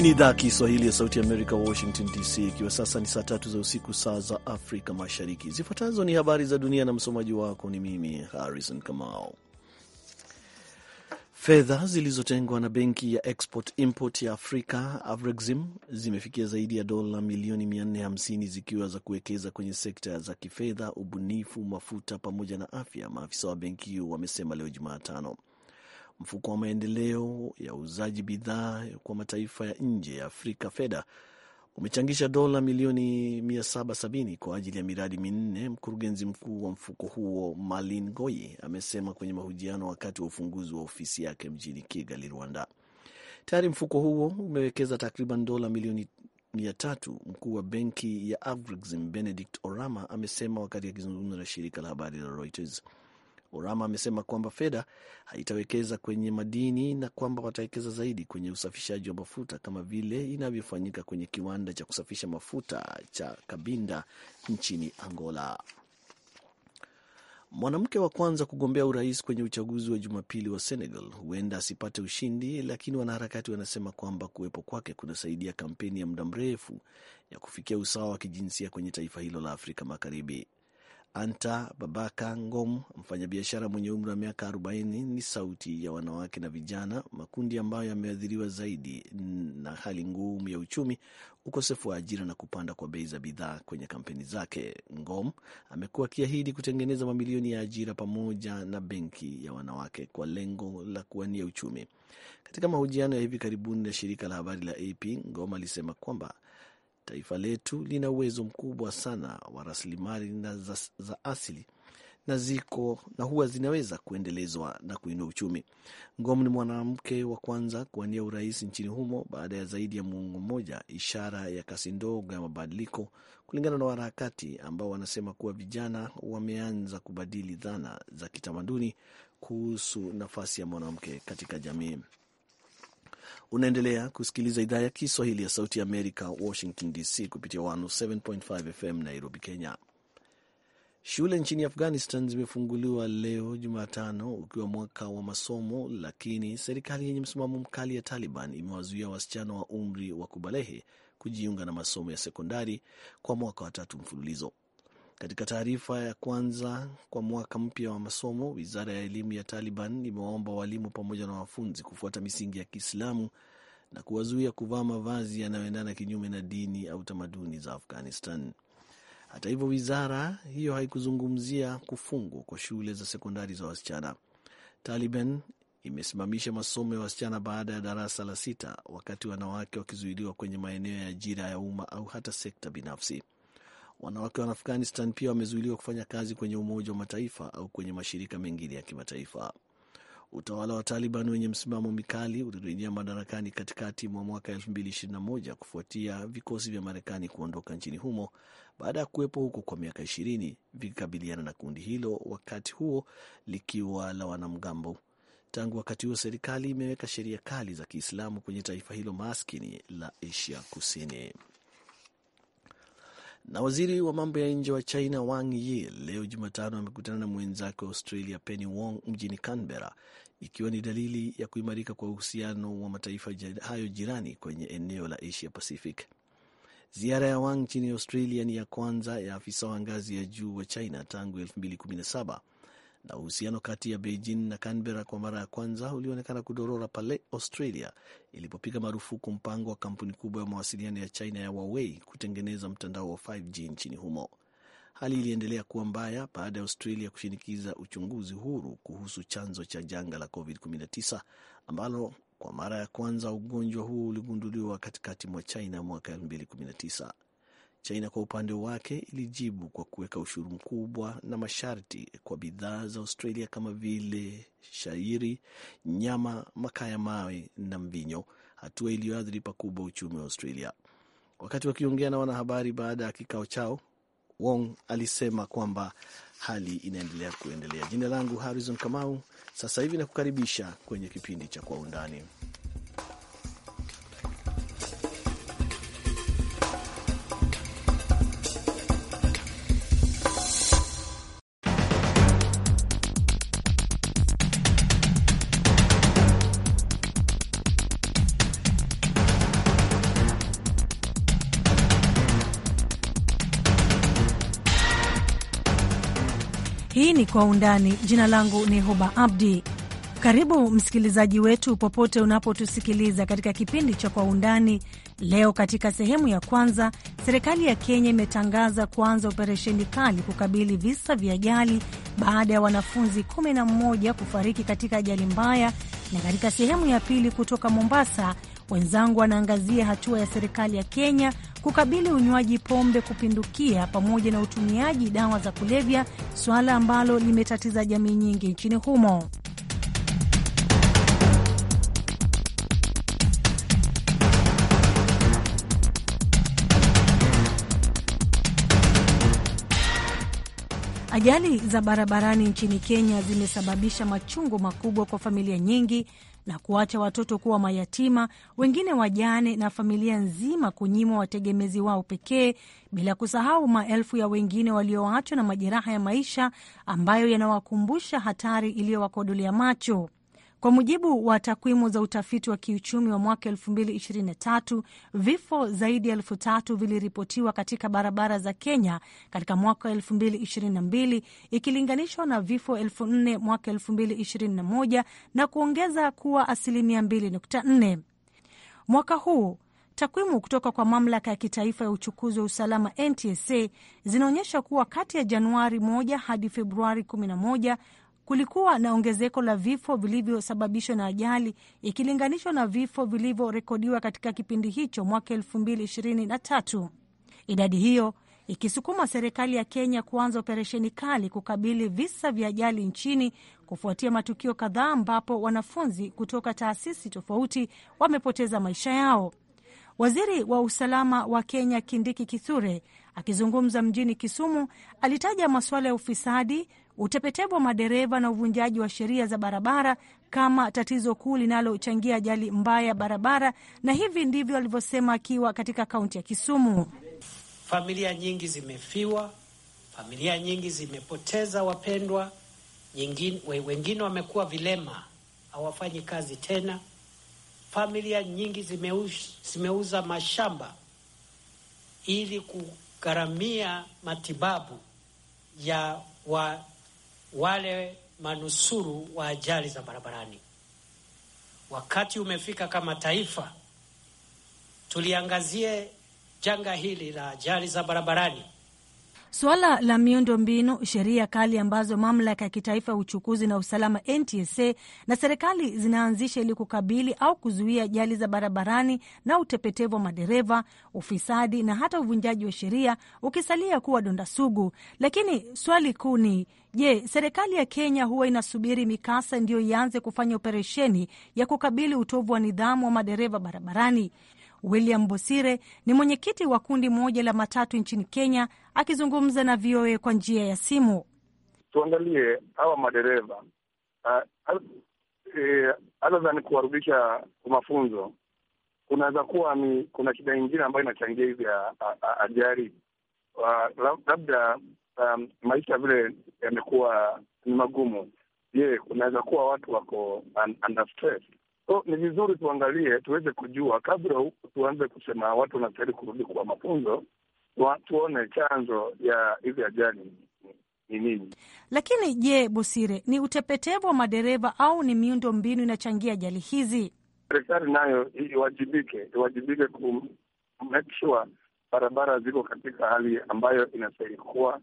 Hii ni idhaa Kiswahili ya Sauti Amerika, Washington DC, ikiwa sasa ni saa tatu za usiku, saa za Afrika Mashariki. Zifuatazo ni habari za dunia na msomaji wako ni mimi Harrison Kamau. Fedha zilizotengwa na benki ya Export Import ya Afrika Afrexim zimefikia zaidi ya dola milioni 450 zikiwa za kuwekeza kwenye sekta za kifedha, ubunifu, mafuta pamoja na afya, maafisa wa benki hiyo wamesema leo jumaatano mfuko wa maendeleo ya uuzaji bidhaa kwa mataifa ya nje ya Afrika fedha umechangisha dola milioni 770 kwa ajili ya miradi minne. Mkurugenzi mkuu wa mfuko huo Malin Goyi amesema kwenye mahojiano wakati wa ufunguzi wa ofisi yake mjini Kigali, Rwanda. Tayari mfuko huo umewekeza takriban dola milioni mia Mkuu wa benki ya Afrexim Benedict Orama amesema wakati akizungumza na shirika la habari la Reuters. Orama amesema kwamba fedha haitawekeza kwenye madini na kwamba watawekeza zaidi kwenye usafishaji wa mafuta kama vile inavyofanyika kwenye kiwanda cha kusafisha mafuta cha Cabinda nchini Angola. Mwanamke wa kwanza kugombea urais kwenye uchaguzi wa Jumapili wa Senegal huenda asipate ushindi, lakini wanaharakati wanasema kwamba kuwepo kwake kunasaidia kampeni ya muda mrefu ya kufikia usawa wa kijinsia kwenye taifa hilo la Afrika Magharibi. Anta Babaka Ngom, mfanyabiashara mwenye umri wa miaka 40, ni sauti ya wanawake na vijana, makundi ambayo yameathiriwa zaidi na hali ngumu ya uchumi, ukosefu wa ajira na kupanda kwa bei za bidhaa kwenye kampeni zake. Ngom amekuwa akiahidi kutengeneza mamilioni ya ajira pamoja na benki ya wanawake kwa lengo la kuwania uchumi. Katika mahojiano ya hivi karibuni na shirika la habari la AP, Ngom alisema kwamba Taifa letu lina uwezo mkubwa sana wa rasilimali za, za asili na ziko na huwa zinaweza kuendelezwa na kuinua uchumi. Ngom ni mwanamke wa kwanza kuwania urais nchini humo baada ya zaidi ya muongo mmoja, ishara ya kasi ndogo ya mabadiliko, kulingana na wanaharakati ambao wanasema kuwa vijana wameanza kubadili dhana za kitamaduni kuhusu nafasi ya mwanamke katika jamii. Unaendelea kusikiliza idhaa ya Kiswahili ya Sauti ya Amerika, Washington DC, kupitia 107.5 FM Nairobi, Kenya. Shule nchini Afghanistan zimefunguliwa leo Jumatano ukiwa mwaka wa masomo, lakini serikali yenye msimamo mkali ya Taliban imewazuia wasichana wa umri wa kubalehe kujiunga na masomo ya sekondari kwa mwaka wa tatu mfululizo. Katika taarifa ya kwanza kwa mwaka mpya wa masomo, wizara ya elimu ya Taliban imewaomba walimu pamoja na wanafunzi kufuata misingi ya Kiislamu na kuwazuia kuvaa mavazi yanayoendana kinyume na dini au tamaduni za Afghanistan. Hata hivyo, wizara hiyo haikuzungumzia kufungwa kwa shule za sekondari za wasichana. Taliban imesimamisha masomo ya wasichana baada ya darasa la sita, wakati wanawake wakizuiliwa kwenye maeneo ya ajira ya umma au hata sekta binafsi. Wanawake wa Afghanistan pia wamezuiliwa kufanya kazi kwenye Umoja wa Mataifa au kwenye mashirika mengine ya kimataifa. Utawala wa Taliban wenye msimamo mikali ulirejea madarakani katikati mwa mwaka 2021 kufuatia vikosi vya Marekani kuondoka nchini humo baada ya kuwepo huko kwa miaka 20 vikikabiliana na kundi hilo, wakati huo likiwa la wanamgambo. Tangu wakati huo, serikali imeweka sheria kali za Kiislamu kwenye taifa hilo maskini la Asia Kusini. Na waziri wa mambo ya nje wa China Wang Yi leo Jumatano amekutana na mwenzake wa Australia Penny Wong mjini Canberra, ikiwa ni dalili ya kuimarika kwa uhusiano wa mataifa hayo jirani kwenye eneo la Asia Pacific. Ziara ya Wang nchini Australia ni ya kwanza ya afisa wa ngazi ya juu wa China tangu 2017 na uhusiano kati ya Beijing na Canberra kwa mara ya kwanza ulionekana kudorora pale Australia ilipopiga marufuku mpango wa kampuni kubwa ya mawasiliano ya China ya Huawei kutengeneza mtandao wa 5G nchini humo. Hali iliendelea kuwa mbaya baada ya Australia kushinikiza uchunguzi huru kuhusu chanzo cha janga la COVID-19 ambalo kwa mara ya kwanza ugonjwa huo uligunduliwa katikati mwa China mwaka 219 China kwa upande wake ilijibu kwa kuweka ushuru mkubwa na masharti kwa bidhaa za Australia kama vile shairi, nyama, makaa ya mawe na mvinyo, hatua iliyoathiri pakubwa uchumi wa Australia. Wakati wakiongea na wanahabari baada ya kikao chao, Wong alisema kwamba hali inaendelea kuendelea. Jina langu Harrison Kamau, sasa hivi nakukaribisha kwenye kipindi cha Kwa Undani. Kwa Undani. Jina langu ni Huba Abdi. Karibu msikilizaji wetu popote unapotusikiliza katika kipindi cha Kwa Undani. Leo katika sehemu ya kwanza, serikali ya Kenya imetangaza kuanza operesheni kali kukabili visa vya ajali baada ya wanafunzi 11 kufariki katika ajali mbaya, na katika sehemu ya pili kutoka Mombasa, wenzangu wanaangazia hatua ya serikali ya Kenya kukabili unywaji pombe kupindukia pamoja na utumiaji dawa za kulevya, suala ambalo limetatiza jamii nyingi nchini humo. Ajali za barabarani nchini Kenya zimesababisha machungu makubwa kwa familia nyingi na kuacha watoto kuwa mayatima, wengine wajane, na familia nzima kunyimwa wategemezi wao pekee, bila kusahau maelfu ya wengine walioachwa na majeraha ya maisha ambayo yanawakumbusha hatari iliyowakodolea macho. Kwa mujibu wa takwimu za utafiti wa kiuchumi wa mwaka 2023, vifo zaidi ya elfu tatu viliripotiwa katika barabara za Kenya katika mwaka 2022 ikilinganishwa na vifo elfu nne mwaka 2021 na kuongeza kuwa asilimia 2.4 mwaka huu. Takwimu kutoka kwa mamlaka ya kitaifa ya uchukuzi wa usalama NTSA zinaonyesha kuwa kati ya Januari 1 hadi Februari 11 kulikuwa na ongezeko la vifo vilivyosababishwa na ajali ikilinganishwa na vifo vilivyorekodiwa katika kipindi hicho mwaka tatu, Idadi hiyo ikisukuma serikali ya Kenya kuanza operesheni kali kukabili visa vya ajali nchini kufuatia matukio kadhaa ambapo wanafunzi kutoka taasisi tofauti wamepoteza maisha yao. Waziri wa usalama wa Kenya Kindiki Kithure akizungumza mjini Kisumu alitaja masuala ya ufisadi, utepetevu wa madereva na uvunjaji wa sheria za barabara kama tatizo kuu linalochangia ajali mbaya ya barabara, na hivi ndivyo alivyosema akiwa katika kaunti ya Kisumu. Familia nyingi zimefiwa, familia nyingi zimepoteza wapendwa, nyingine, wengine wamekuwa vilema, hawafanyi kazi tena. Familia nyingi zimeuza, zimeuza mashamba ili kugharamia matibabu ya wa wale manusuru wa ajali za barabarani. Wakati umefika kama taifa tuliangazie janga hili la ajali za barabarani Suala la miundo mbinu, sheria kali ambazo mamlaka ya kitaifa ya uchukuzi na usalama NTSA na serikali zinaanzisha ili kukabili au kuzuia ajali za barabarani na utepetevu wa madereva, ufisadi na hata uvunjaji wa sheria ukisalia kuwa donda sugu. Lakini swali kuu ni je, serikali ya Kenya huwa inasubiri mikasa ndiyo ianze kufanya operesheni ya kukabili utovu wa nidhamu wa madereva barabarani? William Bosire ni mwenyekiti wa kundi moja la matatu nchini Kenya, akizungumza na VOA kwa njia ya simu. Tuangalie hawa madereva hadhadhani ah, eh, uh, uh, kuwarudisha kwa mafunzo kunaweza kuwa ni kuna shida nyingine ambayo inachangia hizi ajari Uh, ah, labda um, maisha vile yamekuwa ni magumu. Je, kunaweza kuwa watu wako under stress So ni vizuri tuangalie, tuweze kujua kabla tuanze kusema watu wanastahili kurudi kwa mafunzo, tuone chanzo ya hizi ajali ni nini. Lakini je, Busire, ni utepetevu wa madereva au ni miundo mbinu inachangia ajali hizi? Serikali nayo iwajibike, iwajibike ku make sure barabara ziko katika hali ambayo inastahili kuwa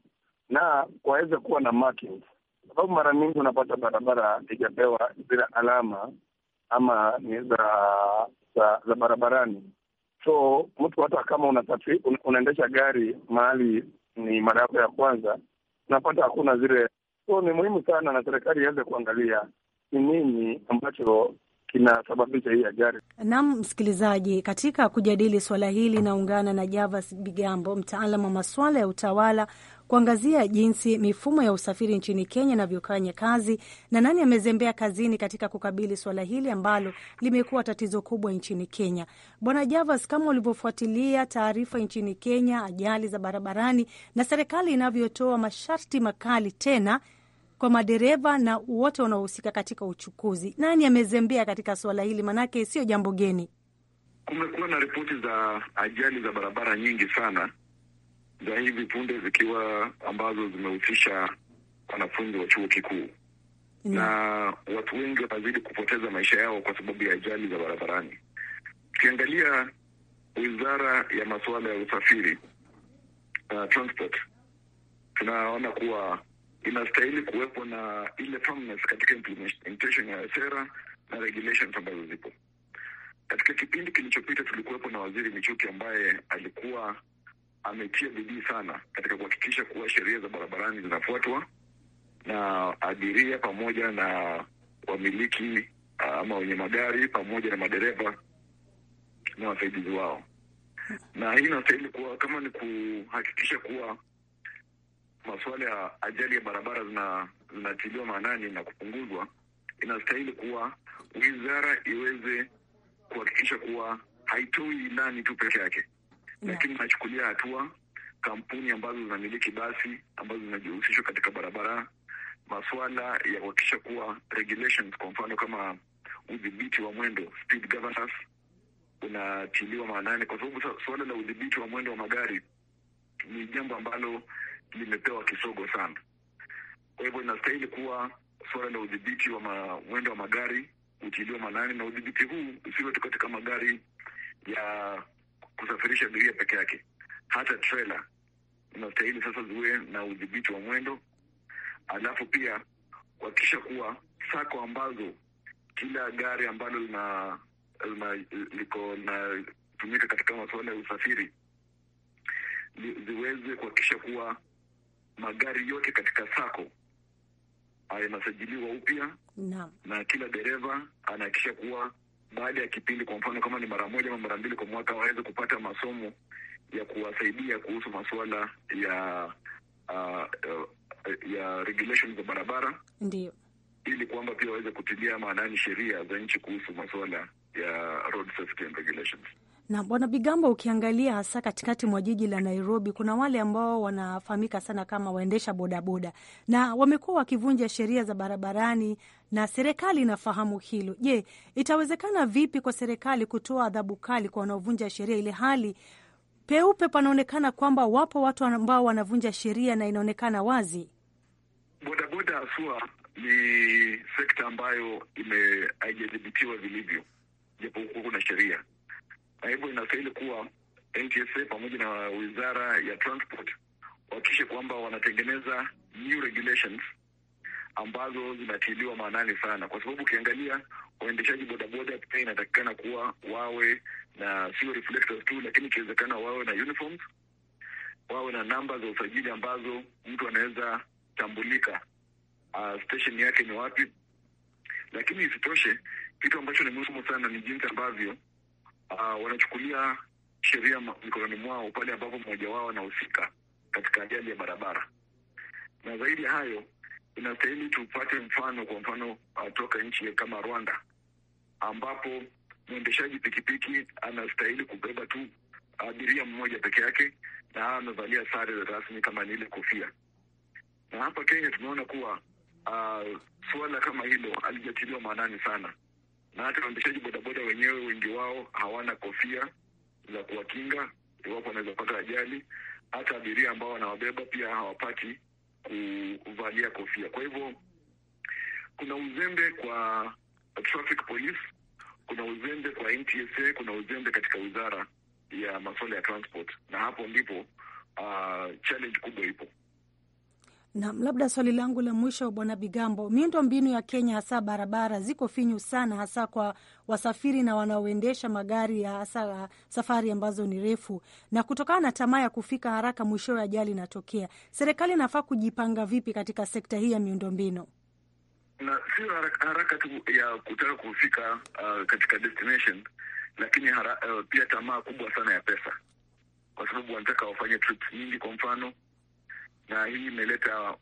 na waweze kuwa na markings, sababu mara nyingi unapata barabara ijapewa zile alama ama ni za za, za barabarani. So mtu hata kama unatatu, unaendesha gari mahali ni mara yako ya kwanza, unapata hakuna zile. So ni muhimu sana na serikali iweze kuangalia ni nini ambacho kinasababisha hii ajali. Naam, msikilizaji, katika kujadili swala hili naungana na Javas Bigambo, mtaalam wa maswala ya utawala kuangazia jinsi mifumo ya usafiri nchini Kenya inavyofanya kazi na nani amezembea kazini katika kukabili swala hili ambalo limekuwa tatizo kubwa nchini Kenya. Bwana Javas, kama ulivyofuatilia taarifa nchini Kenya, ajali za barabarani na serikali inavyotoa masharti makali tena kwa madereva na wote wanaohusika katika uchukuzi. Nani amezembea katika suala hili? Maanake sio jambo geni. Kumekuwa na ripoti za ajali za barabara nyingi sana za hivi punde zikiwa ambazo zimehusisha wanafunzi wa chuo kikuu mm. na watu wengi wanazidi kupoteza maisha yao kwa sababu ya ajali za barabarani. Ukiangalia wizara ya masuala ya usafiri na uh, transport, tunaona kuwa inastahili kuwepo na ile firmness katika implementation ya sera na regulations ambazo zipo. Katika kipindi kilichopita, tulikuwepo na Waziri Michuki ambaye alikuwa ametia bidii sana katika kuhakikisha kuwa sheria za barabarani zinafuatwa na abiria pamoja na wamiliki uh, ama wenye magari pamoja na madereva na wasaidizi wao, na hii inastahili kuwa kama ni kuhakikisha kuwa masuala ya ajali ya barabara zinatiliwa zina maanani na kupunguzwa, inastahili kuwa wizara iweze kuhakikisha kuwa haitoi ilani tu peke yake yeah. Lakini inachukulia hatua kampuni ambazo zinamiliki basi ambazo zinajihusishwa katika barabara, masuala ya kuhakikisha kuwa regulations, kwa mfano kama udhibiti wa mwendo speed governance unatiliwa maanani, kwa sababu suala la udhibiti wa mwendo wa magari ni jambo ambalo limepewa kisogo sana. Kwa hivyo inastahili kuwa suala la udhibiti wa mwendo wa magari utiliwa maanani, na udhibiti huu usiwe tu katika magari ya kusafirisha abiria peke yake. Hata trela inastahili sasa ziwe na udhibiti wa mwendo, alafu pia kuhakikisha kuwa sako ambazo kila gari ambalo lina liko linatumika katika masuala ya usafiri ziweze kuhakikisha kuwa magari yote katika sako yanasajiliwa upya na, na kila dereva anahakikisha kuwa baada ya kipindi, kwa mfano kama ni mara moja ama mara mbili kwa mwaka, waweze kupata masomo ya kuwasaidia kuhusu masuala ya uh, uh, ya regulation za barabara, ndio ili kwamba pia waweze kutilia maanani sheria za nchi kuhusu masuala ya road safety and regulations. Na Bwana Bigambo, ukiangalia hasa katikati mwa jiji la Nairobi, kuna wale ambao wanafahamika sana kama waendesha bodaboda na wamekuwa wakivunja sheria za barabarani na serikali inafahamu hilo. Je, itawezekana vipi kwa serikali kutoa adhabu kali kwa wanaovunja sheria, ile hali peupe panaonekana kwamba wapo watu ambao wanavunja sheria na inaonekana wazi? Bodaboda hasua ni sekta ambayo haijadhibitiwa vilivyo, japokuwa kuna sheria na hivyo inastahili kuwa NTSA pamoja na wizara ya transport wahakikishe kwamba wanatengeneza new regulations ambazo zinatiliwa maanani sana, kwa sababu ukiangalia waendeshaji bodaboda pia inatakikana kuwa wawe na sio reflectors tu, lakini ikiwezekana wawe na uniforms, wawe na namba za usajili ambazo mtu anaweza tambulika uh, station yake ni wapi. Lakini isitoshe kitu ambacho ni muhimu sana ni jinsi ambavyo uh, wanachukulia sheria mikononi mwao pale ambapo mmoja wao anahusika katika ajali ya barabara. Na zaidi ya hayo, inastahili tupate mfano, kwa mfano uh, toka nchi kama Rwanda ambapo mwendeshaji pikipiki anastahili kubeba tu abiria mmoja peke yake na amevalia sare rasmi kama ni ile kofia. Na hapa Kenya tumeona kuwa uh, suala kama hilo alijatiliwa maanani sana na hata waendeshaji bodaboda wenyewe wengi wao hawana kofia za kuwakinga iwapo wanaweza pata ajali. Hata abiria ambao wanawabeba pia hawapati kuvalia kofia. Kwa hivyo kuna uzembe kwa traffic police, kuna uzembe kwa NTSA, kuna uzembe katika wizara ya masuala ya transport, na hapo ndipo uh, challenge kubwa ipo. Na labda swali langu la mwisho, Bwana Bigambo, miundo mbinu ya Kenya hasa barabara ziko finyu sana, hasa kwa wasafiri na wanaoendesha magari ya hasa safari ambazo ni refu, na kutokana na tamaa ya kufika haraka, mwishowe ajali inatokea. Serikali inafaa kujipanga vipi katika sekta hii ya miundo mbinu? na sio haraka, haraka tu ya kutaka kufika uh, katika destination, lakini hara, uh, pia tamaa kubwa sana ya pesa, kwa sababu wanataka wafanye trips nyingi. Kwa mfano na hii imeleta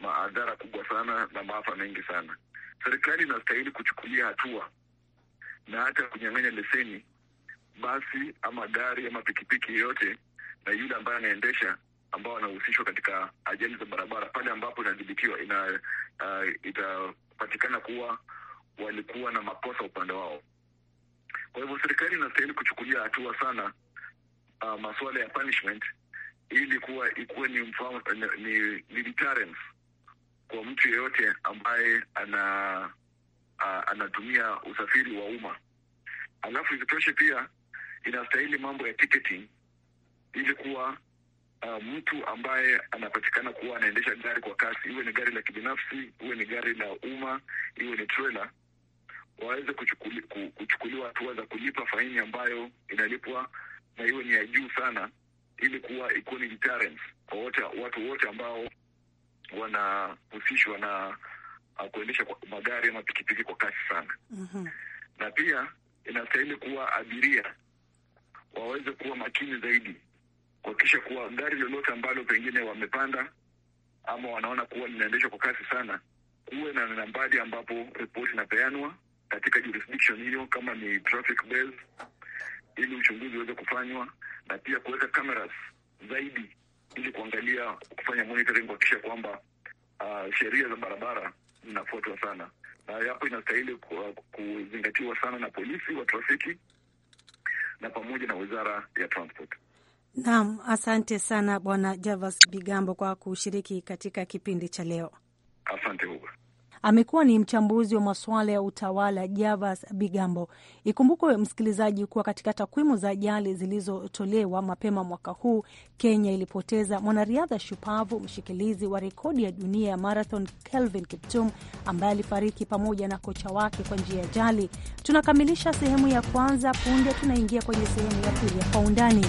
maadhara ma, kubwa sana na maafa mengi sana. Serikali inastahili kuchukulia hatua na hata kunyang'anya leseni basi ama gari ama pikipiki yoyote, na yule ambaye anaendesha ambao anahusishwa katika ajali za barabara, pale ambapo inadhibitiwa ina, uh, itapatikana kuwa walikuwa na makosa upande wao. Kwa hivyo serikali inastahili kuchukulia hatua sana uh, masuala ya punishment ili kuwa ikuwe ni mfano, ni, ni deterrence kwa mtu yeyote ambaye ana a, anatumia usafiri wa umma. Alafu isitoshe pia inastahili mambo ya ticketing ili kuwa a, mtu ambaye anapatikana kuwa anaendesha gari kwa kasi, iwe ni gari la kibinafsi, iwe ni gari la umma, iwe ni trela, waweze kuchukuli, kuchukuliwa hatua za kulipa faini ambayo inalipwa na iwe ni ya juu sana, ili kuwa ikuwa ni deterrence kwa wote, watu wote ambao wanahusishwa na uh, kuendesha magari ama pikipiki kwa kasi sana. mm -hmm. Na pia inastahili kuwa abiria waweze kuwa makini zaidi kuhakikisha kuwa gari lolote ambalo pengine wamepanda ama wanaona kuwa linaendeshwa kwa kasi sana, kuwe na nambari ambapo ripoti inapeanwa katika jurisdiction hiyo, kama ni traffic ili uchunguzi uweze kufanywa na pia kuweka cameras zaidi ili kuangalia, kufanya monitoring kuhakikisha kwamba uh, sheria za barabara zinafuatwa sana, na hapo inastahili kuzingatiwa sana na polisi wa trafiki na pamoja na wizara ya transport. Naam, asante sana Bwana Javas Bigambo kwa kushiriki katika kipindi cha leo. Asante Huba amekuwa ni mchambuzi wa masuala ya utawala Javas Bigambo. Ikumbukwe msikilizaji kuwa katika takwimu za ajali zilizotolewa mapema mwaka huu, Kenya ilipoteza mwanariadha shupavu, mshikilizi wa rekodi ya dunia ya marathon Kelvin Kiptum ambaye alifariki pamoja na kocha wake kwa njia ya ajali. Tunakamilisha sehemu ya kwanza, punde tunaingia kwenye sehemu ya pili ya kwa undani.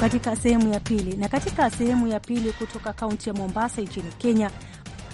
katika sehemu ya pili. Na katika sehemu ya pili, kutoka kaunti ya Mombasa nchini Kenya,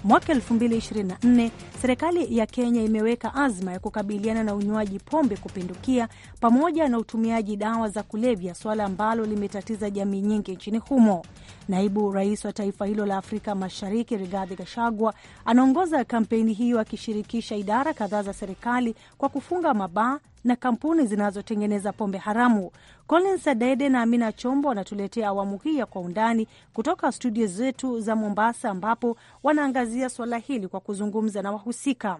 mwaka 2024 serikali ya Kenya imeweka azma ya kukabiliana na unywaji pombe kupindukia pamoja na utumiaji dawa za kulevya, suala ambalo limetatiza jamii nyingi nchini humo. Naibu rais wa taifa hilo la Afrika Mashariki, Rigathi Gachagua, anaongoza kampeni hiyo akishirikisha idara kadhaa za serikali kwa kufunga mabaa na kampuni zinazotengeneza pombe haramu. Collins Adede na Amina Chombo wanatuletea awamu hii ya Kwa Undani kutoka studio zetu za Mombasa, ambapo wanaangazia suala hili kwa kuzungumza na wahusika.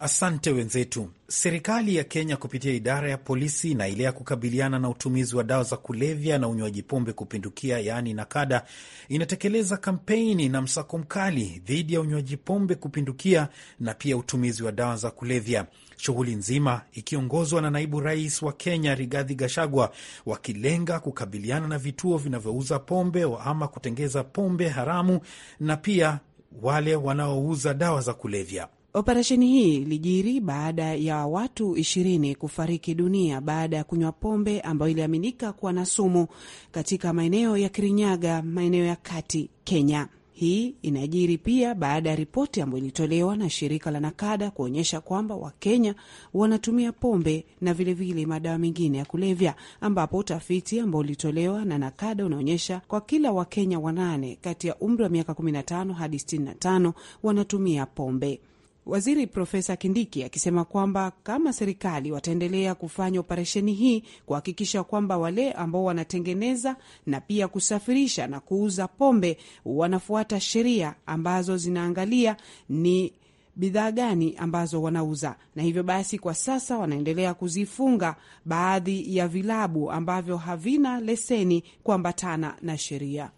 Asante wenzetu. Serikali ya Kenya kupitia idara ya polisi na ile ya kukabiliana na utumizi wa dawa za kulevya na unywaji pombe kupindukia, yaani NAKADA, inatekeleza kampeni na msako mkali dhidi ya unywaji pombe kupindukia na pia utumizi wa dawa za kulevya shughuli nzima ikiongozwa na naibu rais wa Kenya Rigathi Gachagua, wakilenga kukabiliana na vituo vinavyouza pombe ama kutengeza pombe haramu na pia wale wanaouza dawa za kulevya. Operesheni hii ilijiri baada ya watu ishirini kufariki dunia baada ya kunywa pombe ambayo iliaminika kuwa na sumu katika maeneo ya Kirinyaga, maeneo ya kati Kenya. Hii inajiri pia baada ya ripoti ambayo ilitolewa na shirika la Nakada kuonyesha kwamba Wakenya wanatumia pombe na vilevile madawa mengine ya kulevya, ambapo utafiti ambao ulitolewa na Nakada unaonyesha kwa kila Wakenya wanane kati ya umri wa miaka 15 hadi 65 wanatumia pombe. Waziri Profesa Kindiki akisema kwamba kama serikali wataendelea kufanya operesheni hii kuhakikisha kwamba wale ambao wanatengeneza na pia kusafirisha na kuuza pombe wanafuata sheria ambazo zinaangalia ni bidhaa gani ambazo wanauza, na hivyo basi kwa sasa wanaendelea kuzifunga baadhi ya vilabu ambavyo havina leseni kuambatana na sheria.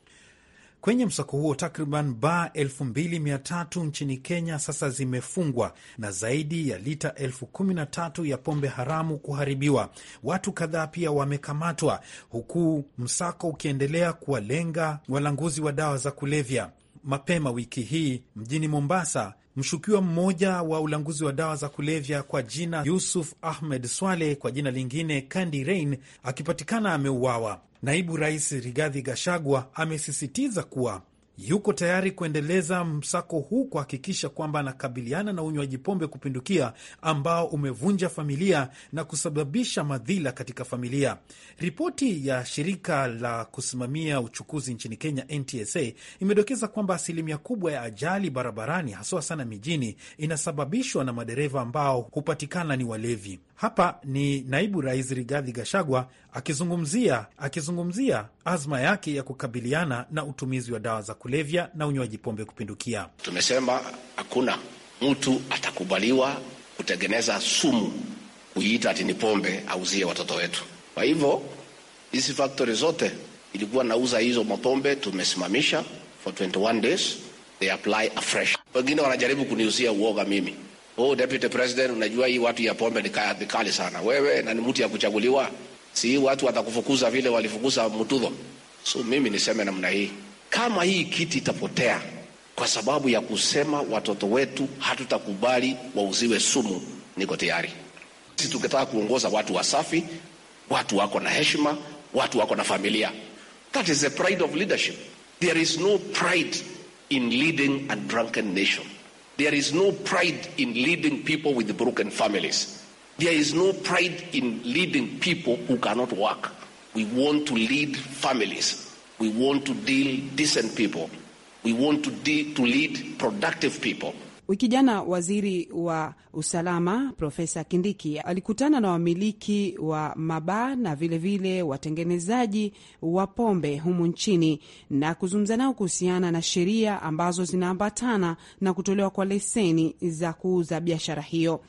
Kwenye msako huo takriban baa 2300 nchini Kenya sasa zimefungwa na zaidi ya lita 13 ya pombe haramu kuharibiwa. Watu kadhaa pia wamekamatwa, huku msako ukiendelea kuwalenga walanguzi wa dawa za kulevya. Mapema wiki hii mjini Mombasa, Mshukiwa mmoja wa ulanguzi wa dawa za kulevya kwa jina Yusuf Ahmed Swale, kwa jina lingine Kandi Rein, akipatikana ameuawa. Naibu Rais Rigathi gashagwa amesisitiza kuwa yuko tayari kuendeleza msako huu kuhakikisha kwamba anakabiliana na unywaji pombe kupindukia ambao umevunja familia na kusababisha madhila katika familia. Ripoti ya shirika la kusimamia uchukuzi nchini Kenya, NTSA, imedokeza kwamba asilimia kubwa ya ajali barabarani, haswa sana mijini, inasababishwa na madereva ambao hupatikana ni walevi. Hapa ni naibu rais Rigathi Gachagua akizungumzia akizungumzia azma yake ya kukabiliana na utumizi wa dawa za kulevya na unywaji pombe kupindukia. Tumesema hakuna mtu atakubaliwa kutengeneza sumu kuiita ati ni pombe auzie watoto wetu. Kwa hivyo hizi faktori zote ilikuwa nauza hizo mapombe tumesimamisha for 21 days, they apply afresh. Wengine wanajaribu kuniuzia uoga mimi Oh, Deputy President, unajua hii watu ya pombe ni kali sana. Wewe na ni mtu ya kuchaguliwa, si watu watakufukuza vile walifukuza Mutudho. So mimi niseme namna hii, kama hii kiti itapotea kwa sababu ya kusema watoto wetu hatutakubali wauziwe sumu, niko tayari. Sisi tukitaka kuongoza watu wasafi, watu wako na heshima, watu wako na familia. That is the pride of leadership. There is no pride in leading a drunken nation. There is no pride in leading people with broken families. There is no pride in leading people who cannot work. We want to lead families. We want to deal decent people. We want to, de- to lead productive people. Wiki jana waziri wa usalama Profesa Kindiki alikutana na wamiliki wa mabaa na vilevile vile watengenezaji wa pombe humu nchini na kuzungumza nao kuhusiana na sheria ambazo zinaambatana na kutolewa kwa leseni za kuuza biashara hiyo.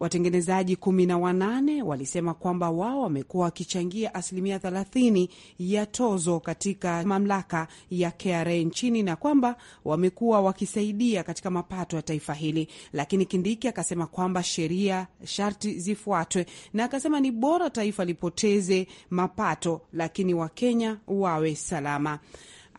Watengenezaji kumi na wanane walisema kwamba wao wamekuwa wakichangia asilimia thelathini ya tozo katika mamlaka ya KRA nchini na kwamba wamekuwa wakisaidia katika mapato ya taifa hili, lakini Kindiki akasema kwamba sheria sharti zifuatwe, na akasema ni bora taifa lipoteze mapato, lakini Wakenya wawe salama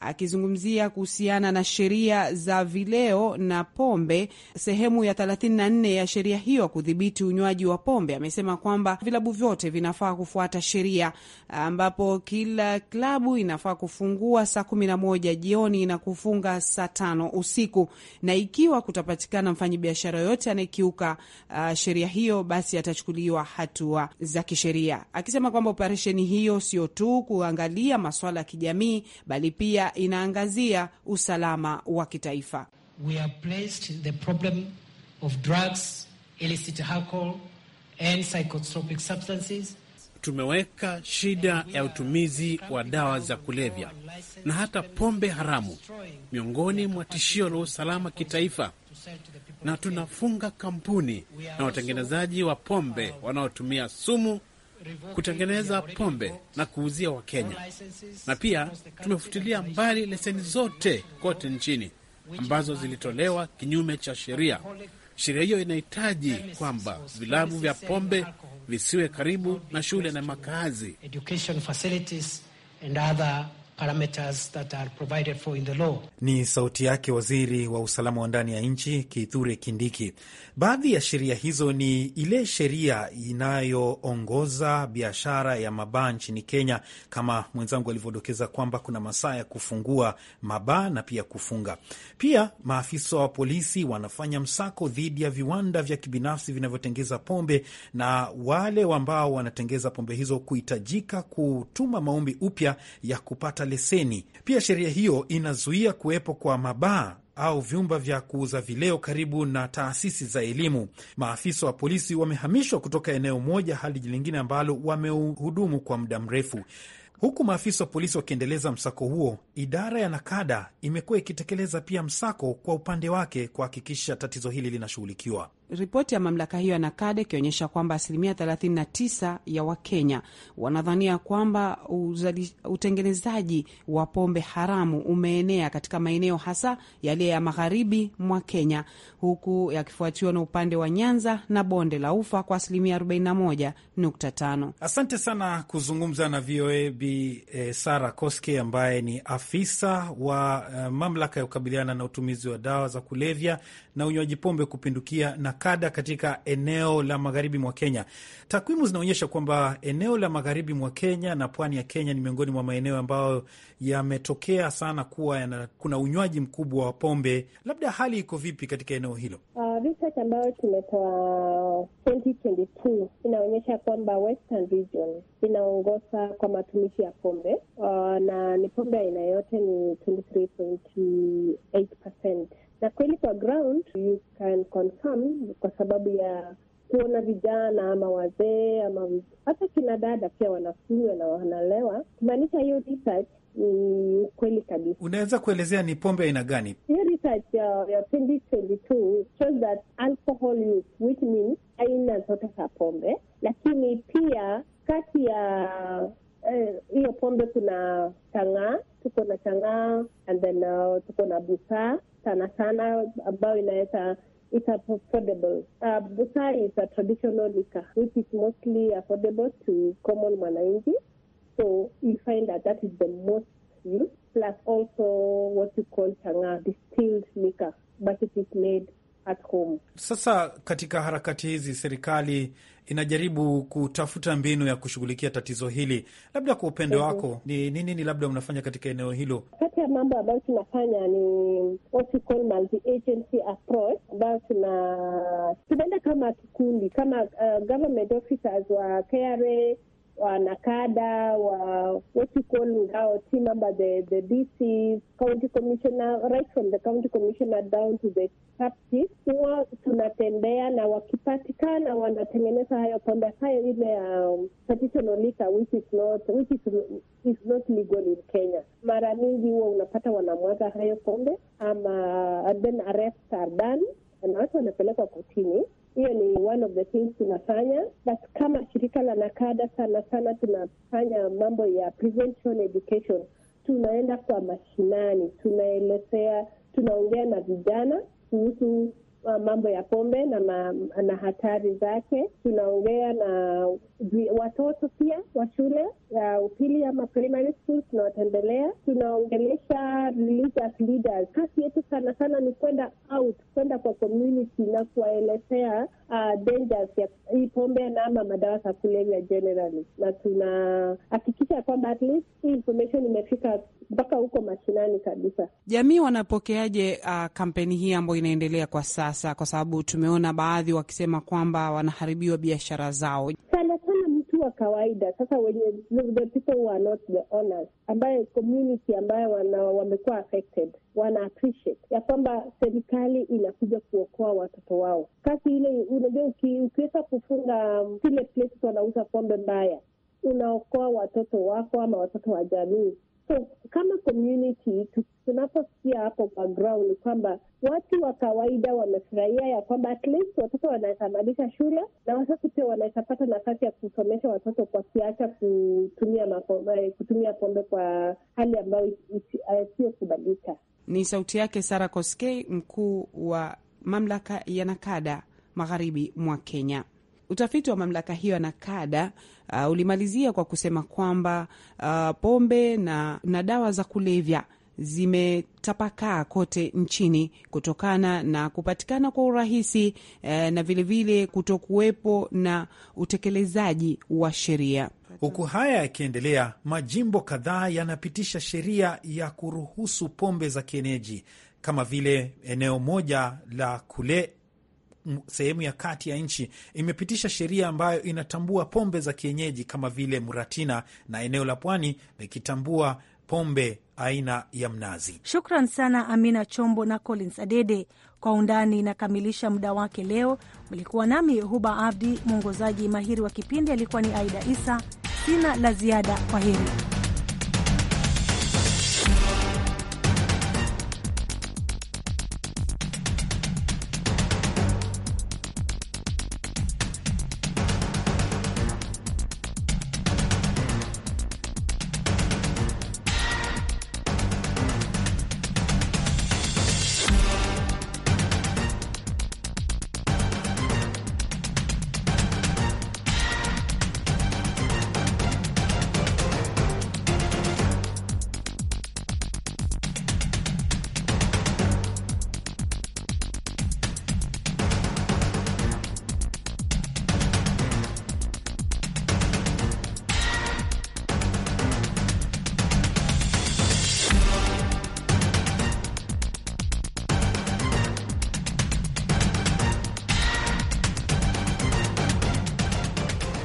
akizungumzia kuhusiana na sheria za vileo na pombe, sehemu ya 34 ya sheria hiyo kudhibiti unywaji wa pombe, amesema kwamba vilabu vyote vinafaa kufuata sheria, ambapo kila klabu inafaa kufungua saa 11 jioni na kufunga saa tano usiku, na ikiwa kutapatikana mfanyabiashara yoyote anayekiuka uh, sheria hiyo, basi atachukuliwa hatua za kisheria, akisema kwamba operesheni hiyo sio tu kuangalia maswala ya kijamii, bali pia inaangazia usalama wa kitaifa. We have placed the problem of drugs, illicit alcohol and psychotropic substances Tumeweka shida ya utumizi wa dawa za kulevya na hata pombe haramu miongoni mwa tishio la usalama kitaifa, na tunafunga kampuni na watengenezaji wa pombe wanaotumia sumu kutengeneza pombe na kuuzia Wakenya, na pia tumefutilia mbali leseni zote kote nchini ambazo zilitolewa kinyume cha sheria. Sheria hiyo inahitaji kwamba vilabu vya pombe visiwe karibu na shule na makazi. Ni sauti yake waziri wa usalama wa ndani ya nchi Kithure Kindiki. Baadhi ya sheria hizo ni ile sheria inayoongoza biashara ya mabaa nchini Kenya, kama mwenzangu alivyodokeza kwamba kuna masaa ya kufungua mabaa na pia kufunga. Pia maafisa wa polisi wanafanya msako dhidi ya viwanda vya kibinafsi vinavyotengeza pombe na wale ambao wanatengeza pombe hizo kuhitajika kutuma maombi upya ya kupata leseni. Pia sheria hiyo inazuia kuwepo kwa mabaa au vyumba vya kuuza vileo karibu na taasisi za elimu. Maafisa wa polisi wamehamishwa kutoka eneo moja hadi lingine ambalo wamehudumu kwa muda mrefu. Huku maafisa wa polisi wakiendeleza msako huo, idara ya nakada imekuwa ikitekeleza pia msako kwa upande wake kuhakikisha tatizo hili linashughulikiwa ripoti ya mamlaka hiyo ya nakade ikionyesha kwamba asilimia 39 ya Wakenya wanadhania kwamba uzali, utengenezaji wa pombe haramu umeenea katika maeneo hasa yaliyo ya magharibi mwa Kenya, huku yakifuatiwa na upande wa Nyanza na bonde la Ufa kwa asilimia 41.5. Asante sana kuzungumza na VOA Bi eh, Sara Koske ambaye ni afisa wa eh, mamlaka ya kukabiliana na utumizi wa dawa za kulevya na unywaji pombe kupindukia na kada katika eneo la magharibi mwa Kenya. Takwimu zinaonyesha kwamba eneo la magharibi mwa Kenya na pwani ya Kenya ni miongoni mwa maeneo ambayo yametokea sana kuwa yana, kuna unywaji mkubwa wa pombe. Labda hali iko vipi katika eneo hilo? Uh, research ambayo tumetoa 2022 inaonyesha kwamba Western region inaongoza kwa matumizi ya pombe uh, na ni pombe aina yote ni 23.8% na kweli kwa ground you can confirm kwa sababu ya kuona vijana ama wazee ama hata kina dada pia wanafunywa na wanalewa, kumaanisha hiyo research ni kweli kabisa. Unaweza kuelezea ni pombe aina gani? Hiyo research ya 2022 shows that alcohol use which means aina zote za pombe, lakini pia kati ya eh, hiyo eh, pombe kuna chang'aa, tuko na chang'aa and then uh, tuko na busaa sana sana ambayo inaweza It's affordable. Uh, ah, busaa is a traditional liquor which is mostly affordable to common mwananchi. So you find that that is the most used, plus also what you call changa, distilled liquor, but it is made at home. Sasa katika harakati hizi serikali inajaribu kutafuta mbinu ya kushughulikia tatizo hili. Labda kwa upendo mm -hmm. wako ni nini ni, ni labda unafanya katika eneo hilo? Kati ya mambo ambayo tunafanya ni what we call multi-agency approach, ambayo tuna tunaenda kama kikundi kama uh, government officers wa KRA wanakada wa what you call now team member the the county commissioner right from the county commissioner down to the huwa tunatembea na wakipatikana wanatengeneza hayo pombe hayo ile um, traditional which is not which is, is not legal in Kenya. Mara mingi huwa unapata wanamwaga hayo pombe ama then arrests are done na watu wanapelekwa kotini hiyo ni one of the things tunafanya, but kama shirika la Nakada sana sana tunafanya mambo ya prevention education. Tunaenda kwa mashinani, tunaelezea, tunaongea na vijana kuhusu Uh, mambo ya pombe na, ma, na hatari zake. Tunaongea na watoto pia wa shule ya upili ama primary school, tunawatembelea, tunaongelesha religious leaders. Kazi yetu sana sana ni kwenda out, kwenda kwa community na kuwaelezea uh, dangers ya hii pombe na ama madawa za kulevya generally, na tunahakikisha kwamba at least hii information imefika mpaka huko mashinani kabisa. Jamii wanapokeaje uh, kampeni hii ambayo inaendelea kwa sasa, kwa sababu tumeona baadhi wakisema kwamba wanaharibiwa biashara zao sana wa kawaida sasa wenye the people who are not the owners, ambaye community ambayo wamekuwa affected wana appreciate ya kwamba serikali inakuja kuokoa watoto wao. Kasi ile unajua, ukiweza kufunga um, zile places wanauza pombe mbaya, unaokoa watoto wako ama watoto wa jamii So kama community tunaposikia hapo ground kwamba watu wa kawaida wamefurahia ya kwamba at least watoto wanawezamalisha shule na wazazi pia wanaweza pata nafasi ya kusomesha watoto kwa kiacha kutumia eh, kutumia pombe kwa hali ambayo isiyokubalika. Eh, Ni sauti yake Sara Koskei, mkuu wa mamlaka ya Nakada magharibi mwa Kenya. Utafiti wa mamlaka hiyo na kada uh, ulimalizia kwa kusema kwamba uh, pombe na, na dawa za kulevya zimetapakaa kote nchini kutokana na kupatikana kwa urahisi eh, na vilevile kutokuwepo na utekelezaji wa sheria. Huku haya yakiendelea, majimbo kadhaa yanapitisha sheria ya kuruhusu pombe za kienyeji, kama vile eneo moja la kule sehemu ya kati ya nchi imepitisha sheria ambayo inatambua pombe za kienyeji kama vile muratina na eneo la pwani likitambua pombe aina ya mnazi. Shukran sana Amina Chombo na Collins Adede. Kwa Undani inakamilisha muda wake leo. Mlikuwa nami Huba Abdi, mwongozaji mahiri wa kipindi alikuwa ni Aida Isa. Sina la ziada, kwa heri.